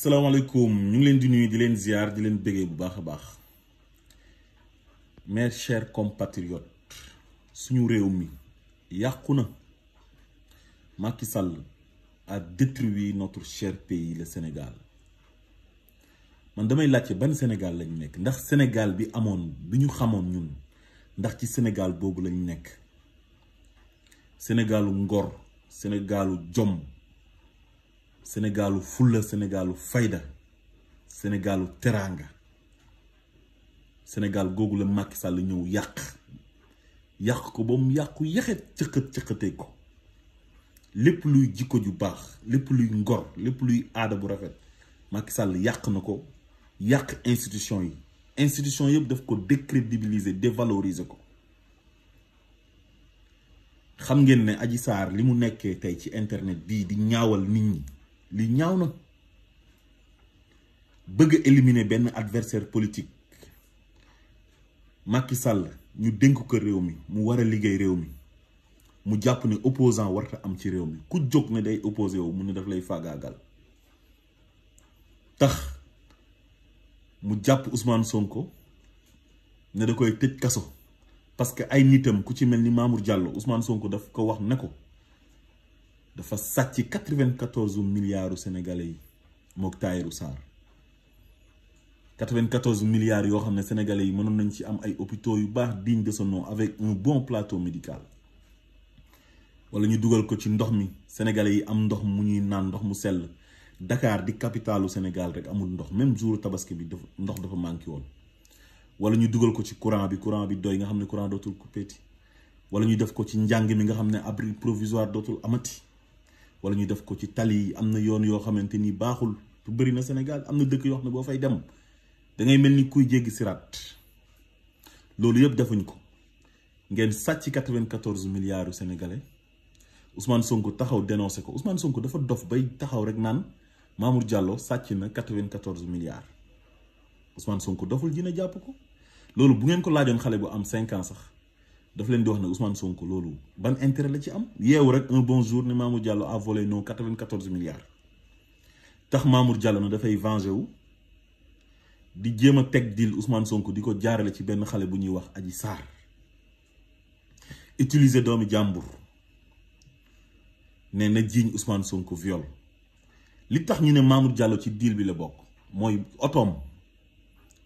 Salam ñu ngi leen di nuyu di leen ziar di leen bëggee bu baax baax mes chers compatriotes suñu réew mi yàqu Macky Sall a détruit notre cher pays le Sénégal man damay laajte ban Sénégal lañ nekk ndax Sénégal bi amoon bi ñu xamoon ñun ndax ci Sénégal boobu lañ nekk Sénégalu ngor Sénégalu jom senegaalu fulla senegaalu fayda sénégalu teraanga sénégal googu la Macky Sall ñëw yàq yàq ko ba mu yàqu yaxet cëqat cëqatee ko lépp luy jikko ju baax lépp luy ngor lépp luy aada bu rafet Macky Sall yàq na ko yàq institution yi institution yëpp daf ko décrédibiliser dévaloriser ko xam ngeen ne Adji Sarr li mu nekkee tey ci internet bii di ñaawal nit ñi li ñaaw na bëgg éliminer ben adversaire politique Macky Sall ñu dénk ko réew mi mu wara a liggéey réew mi mu japp ne opposant warta am ci réew mi ku jog ne day opposé wu mu ne daf lay faagaagal tax mu japp Ousmane Sonko ne da koy tëj kasso parce que ay nitam ku ci melni Mamour Diallo Ousmane Sonko daf ko wax ne ko dafa sàcc 94 milliards sénégalais mok mook sar 94 milliards yo xamné sénégalais yi mënoon nañ ci am ay hôpitaux yu bax digne de son nom avec un bon plateau médical wala ñu duggal ko ci ndox mi sénégalais yi am ndox mu ñuy naan ndox mu sel Dakar di capitalu Sénégal rek amul ndox même jour tabaski bi ndox dafa manki won wala ñu duggal ko ci courant bi courant bi doy nga xamné ne courant dootul coupéti wala ñu def ko ci njang mi nga xamné abri provisoire dootul amati wala ñu def ko ci tali yi am na yoon yoo xamante nii baaxul bëri na Sénégal am na dëkk yoo xam ne boo fay dem da ngay mel ni kuy jéggi siraat loolu yëpp defuñ ko ngeen sàcc 94 milliards yu sénégalais Ousmane Sonko taxaw dénoncé ko usman Sonko dafa dof bay taxaw rek naan Mamour Diallo sàcc na 94 milliards Ousmane Sonko doful dina jàpp ko loolu bu ngeen ko laajoon xale bu am cinquant ans sax. dafa leen di wax na Ousmane Sonko loolu ban intérêt la ci am yeewu rek un bon jour ni Mamour Diallo no volé nos quatre vingt milliards tax Mamour Diallo na dafay venger wu di jéem a teg deal usmaan Sonko di ko jaarale ci benn xale bu ñuy wax Adji saar utilise doomi jàmbur ne na jiiñ Ousmane Sonko viol li tax ñu ne Mamour Diallo ci deal bi la bokk mooy otoom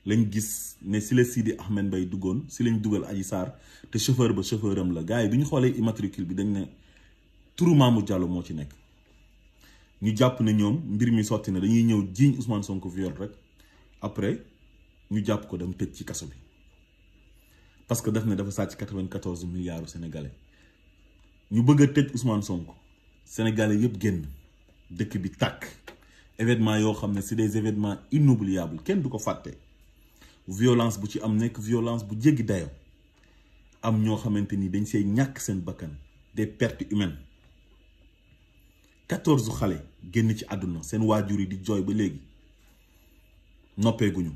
lañ gis ne si le Sidi Ahmed Bay duggoon si lañ dugal aji sar te chauffeur ba chauffeur la gars yi bi ñu immatricule bi dañ ne turu mamou Diallo mo ci nek ñu japp ne ñom mbir mi sotti na dañuy ñew jiiñ Ousmane Sonko viol rek après ñu japp ko dem tëj ci kasso bi parce que daf ne dafa sàcc 94 milliards sénégalais ñu bëgg a tëj Ousmane Sonko sénégalais yëpp genn dëkk bi tak événement yo xam c'est des événements inoubliables kenn du ko fàtte. violence bu ci am nekk violence bu jéggi dayo am ñoo xamante ni dañ see ñàkk seen bakkan des pertes humaines quatorze xale génn ci àdduna seen waajur yi di jooy ba léegi noppeeguñu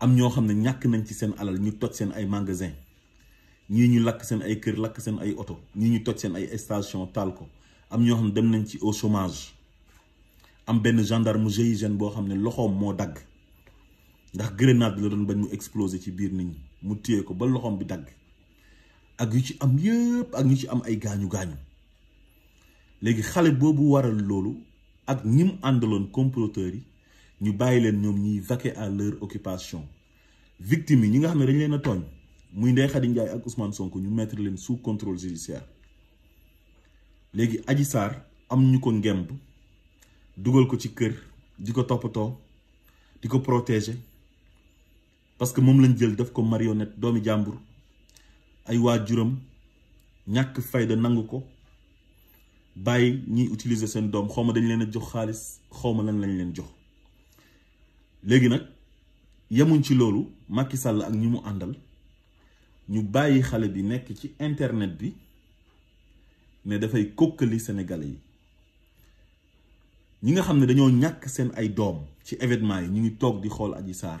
am ñoo xam ne ñàkk nañ ci seen alal ñu toj seen ay magasin ñii ñu lakk seen ay kër lakk seen ay oto ñii ñu toj seen ay station taal ko am ñoo xam ne dem nañ ci au chômage am benn gendarme GIGN boo xam ne loxoom moo dagg ndax grenade bi la doon bañ mu exploser ci biir nit ñi mu téye ko ba loxoom bi dagg ak yu ci am yëpp ak ñu ci am ay gaañu gaañu léegi xale boobu waral loolu ak ñi mu àndaloon comploteurs yi ñu bàyyi leen ñoom ñuy vaquer à leur occupation victime yi ñi nga xam ne dañ leen a tooñ muy Ndeye Khady Ndiaye ak Ousmane Sonko ñu mettre leen sous contrôle judiciaire léegi aji Sarr am ñu ko ngemb dugal ko ci kër di ko toppatoo di ko protéger. parce que moom lañu jël def ko marionnette doomi jàmbur ay waajuram ñàkk fayda nangu ko bàyyi ñiy utiliser seen doom xawma dañ leen a jox xaalis xawma lan lañ leen jox léegi nag yemuñ ci loolu màkki sàll ak ñi mu àndal ñu bàyyi xale bi nekk ci internet bi ne dafay kokkali sénégalais yi ñi nga xam ne dañoo ñàkk seen ay doom ci événement yi ñu ngi toog di xool ak yi Sarr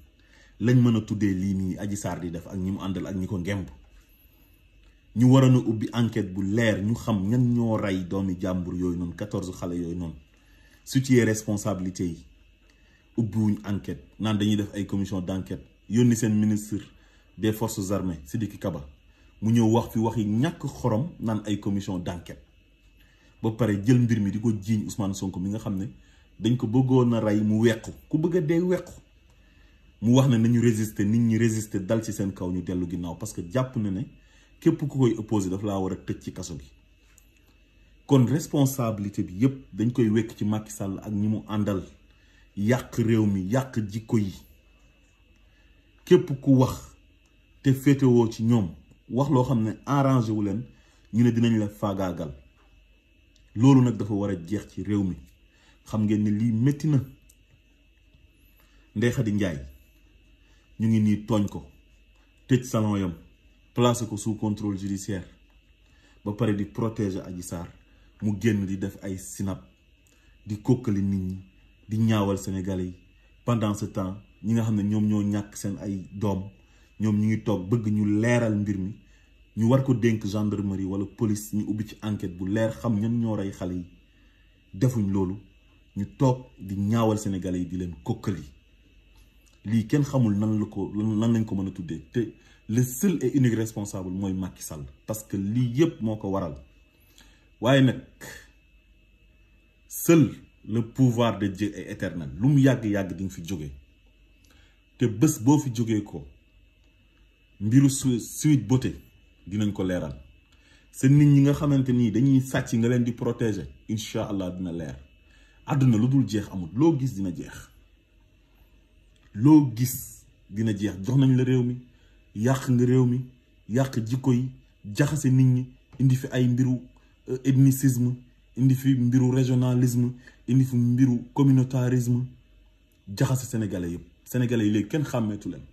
lañ mën a tuddee lii nii aji Sarr di def ak ñi mu àndal ak ñi ko ngemb ñu waroon a ubbi enquête bu leer ñu xam ñan ñoo rey doomi jàmbur yooyu noonu quatorze xale yooyu noonu su situer responsabilité yi ubbiwuñ enquête naan dañuy def ay commission d'enquête yónni seen ministre des forces armées Sidiki Kaba mu ñëw wax fi wax yi ñàkk xorom naan ay commission d'enquête ba pare jël mbir mi di ko jiiñ Ousmane Sonko mi nga xam ne dañ ko bëggoon a rey mu wequ ku bëgg a dee wequ mu wax na nañu résister nit ñi résister dal ci seen kaw ñu dellu ginnaaw parce que jàpp na ne képp ku koy opposé daf laa war a tëj ci kaso gi kon responsabilité bi yépp dañ koy wekk ci Macky sàll ak ñi mu àndal yàq réew mi yàq jikko yi képp ku wax te féetewoo ci ñoom wax loo xam ne arrangé wu leen ñu ne dinañ la faagaagal loolu nag dafa war a jeex ci réew mi xam ngeen ni lii métti na Ndeye Khady Ndiaye ñu ngi nii tooñ ko tëj salon yam placé ko sous contrôle judiciaire ba pare di protéger aji Sarr mu génn di def ay sinap di kokkali nit ñi di ñaawal Sénégalais yi pendant ce temps ñi nga xam ne ñoom ñoo ñàkk seen ay doom ñoom ñu ngi toog bëgg ñu leeral mbir mi ñu war ko dénk gendarmerie wala police ñu ubbi ci enquête bu leer xam ñan ñoo rey xale yi defuñ loolu ñu toog di ñaawal Sénégalais yi di leen kokkali li kenn xamul nan le seul unique responsable Macky Sall parce que waral seul le pouvoir de Dieu est éternel yag yag fi fi ko mbiru suite Beauté dinañ ko ñi nga dañuy nga di protéger dina jeex gis dina loo gis dina jeex jox nañ la réew mi yàq nga réew mi yàq jikko yi jaxase nit ñi indi fi ay mbiru euh, ethnicisme indi fi mbiru régionalisme indi fi mbiru communautarisme jaxase sénégalais yëpp sénégalais yi léegi kenn xàmmeetu leen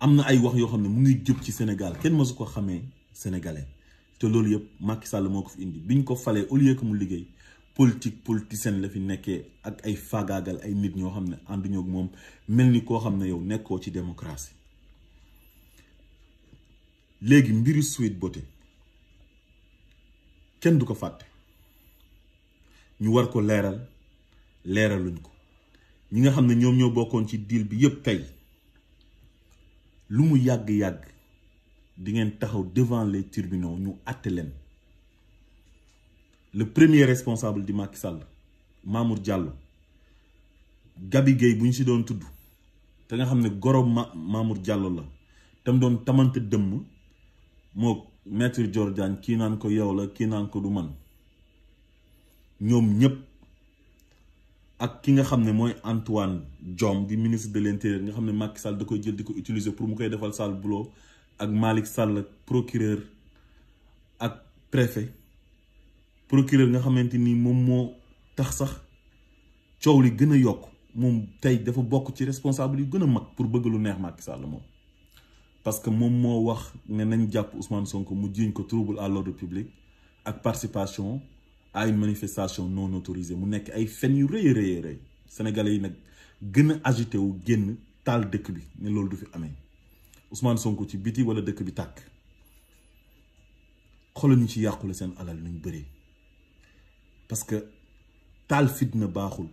am na ay wax yoo xam ne mu ngi jub ci Sénégal kenn mësu ko xamee sénégalais te loolu yëpp Macky Sall moo ko fi indi ñu ko falee au lieu que mu liggéey politique politicienne la fi nekkee ak ay faagaagal ay nit ñoo xam ne ànduñu moom mel ni koo xam ne yow nekkoo ci démocratie léegi mbiru Sweet Beauté kenn du ko fàtte ñu war ko leeral leeraluñ ko ñi nga xam ne ñoom ñoo bokkoon ci deal bi yépp tey lu mu yàgg-yàgg di ngeen taxaw devant les tribunaux ñu àtte leen le premier responsable di Macky Sall Mamour Diallo Gabi Gueye bu ñu si doon tudd te nga xam ne goro ma Mamour Diallo la tam doon tamante dëmm moo maître Dior kii naan ko yow la kii naan ko du man ñoom ñëpp ak ki nga xam ne Antoine Diome di ministre de l'intérieur nga xam ne Macky Sall da koy jël di utiliser pour mu koy defal Sall boulot ak Malick Sall procureur ak préfet procureur nga xamanteni mom mo tax sax coow li gën a yokk moom dafa bok ci responsable yu gëna mag pour bëgg lu neex Macky Sall mom parce que mom mo wax ne nañ japp Ousmane Sonko mu jiiñ ko trouble à l'ordre public ak participation à une manifestation non autorisée mu nek ay fen yu reey reey rëy sénégalais yi nak gëna agité wu génn taal dëkk bi ne loolu du fi amé Ousmane Sonko ci biti wala dëkk bi tak xoolal ci yàqule sen alal nuñ bëree. parce que taal fitna baaxul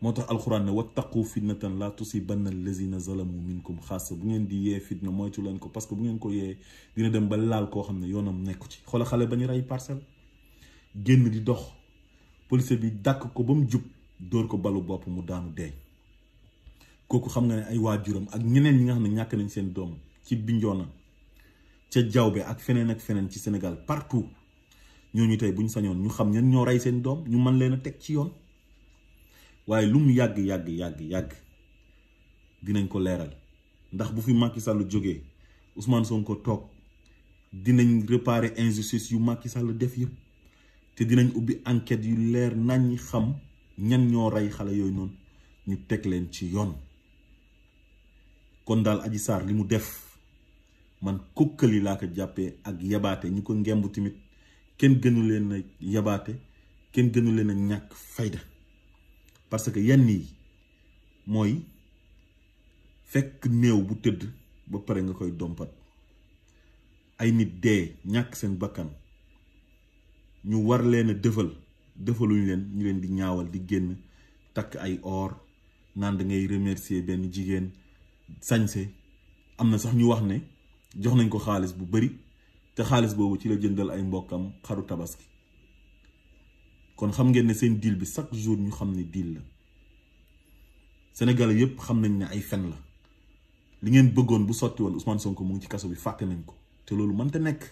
moo tax alxuraan ne wat wattaqu fitnatan laa tusibanna allazina zalamu minkum xaasa bu ngeen di yee fitna moytu leen ko parce que bu ngeen ko yee dina dem ba laal koo xam ne yoonam nekku ci xoola xale ba ñu rey parcelle génn di dox polise bi dakk ko ba mu jub dóor ko balu bopp mu daanu deey kooku xam nga ne ay waajuram ak ñeneen ñi nga xam ne ñàkk nañ seen doom ci Bignona ca Diaobé ak feneen ak feneen ci Sénégal partout ñoo ñooñu tey bu ñu sañoon ñu xam ñan ñoo rey seen doom ñu mën leen a teg ci yoon waaye lu mu yàgg yàgg yàgg yàgg dinañ ko leeral ndax bu fi màkki Sall jógee Ousmane Sonko toog dinañ réparer injustice yu Macky Sall def yi te dinañ ubbi enquête yu leer nañ xam ñan ñoo rey xale yooyu noonu ñu teg leen ci yoon kon daal aji Sarr li mu def man kokkali laa ko jàppee ak yabaate ñi ko ngemb tamit kenn gënu leen a yabaate kenn gënu leen a ñàkk fayda parce que yenn yi mooy fekk néew bu tëdd ba pare nga koy dompat ay nit dee ñàkk seen bakkan ñu war leen a dëfal dëfaluñu leen ñu leen di ñaawal di génn takk ay or naan dangay ngay benn jigéen sañse am na sax ñu wax ne jox nañ ko xaalis bu bari te xaaliss bobu ci la jëndal ay mbokam xaru tabaski kon xam ngeen ne seen deal bi chaque jour ñu xam ne deal la Sénégalais yépp xam nañ ne ay fenn la li ngeen bëggoon bu sotti won Ousmane Sonko mu ngi ci kasso bi faté nañ ko te loolu ta nekk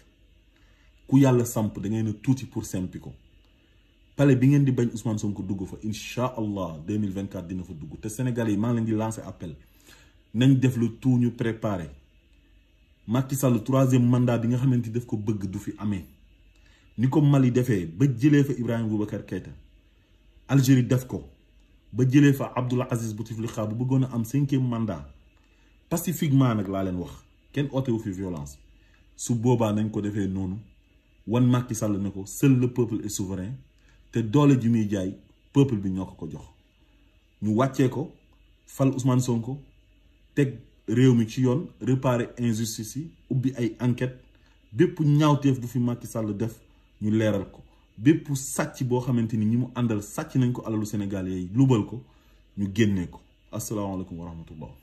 ku yàlla samp da ngay a tuuti pour sempi ko pale bi ngeen di bañ Ousmane Sonko dugg fa insha allah 2024 dina fa dugg te Sénégalais yi maa ngi leen di lancer appel nañ def lu tout ñu préparé. Macky Sall troisième mandat bi nga xamanteni ni daf ko bëgg du fi amé ni ko Mali défé ba jëlé fa Ibrahim Boubacar Keïta Algérie def ko ba jëlé fa Abdoul Aziz Bouteflika bu bëggona am 5e mandat pacifiquement nak la leen wax ken kenn wu fi violence su boba nañ ko défé nonu wan Macky Sall ne ko seul le peuple est souverain te doole ji mi jaay peuple bi ñoko ko jox ñu waccé ko fal Ousmane Sonko tek réew ci yone réparer injustice yi ay enquête bépp ñaawteef du fi Macky Sall def ñu léral ko bépp sàcc bo xamanteni ni ñi mu àndal sàcc nañ ko alalu Sénégal yi lubal ko ñu génnee ko asalaamaaleykum wa rahmatullah